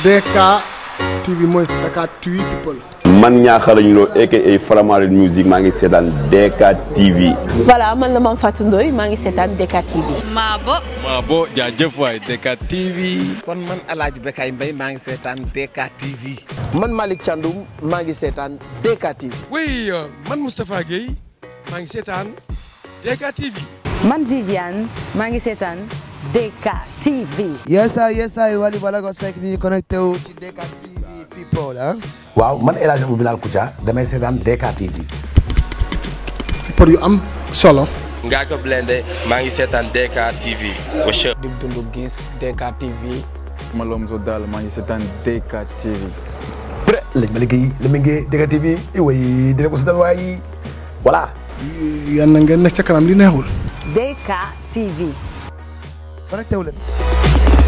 DK TV mooy Dakar TV people. man ñaaxarañ loo aka Faramareen musique maa ngi seetaan DK TV. voilà man la Mame Fatou Ndoye maa ngi seetaan DK TV. Maabo. Maabo jaajëf waay DK TV. kon man El Hadj Bekay Mbaye maa ngi seetaan DK TV. man Malick Thiandoum maa ngi seetaan DK TV. oui euh, man Moustapha Guèye maa ngi seetaan DK TV. man Viviane maa ngi seetaan. DKTV. yes sir yes sir Wally Ballago Seck ñu ngi connecté wu ci DKTV people ah. waaw man El Hadj Bilal Koutia damay seetaan DKTV. pour yu am solo. ngaa ko blende maa ngi seetaan DKTV. di dundu gis DKTV. Malom Zodal maa ngi seetaan DKTV. pré lañ ma liggéey li mu ngi DKTV iwoy eh dina ko seetaan waayi voilà. yal na ngeen nekk ca kanam li neexul. DKTV. connecté wu leen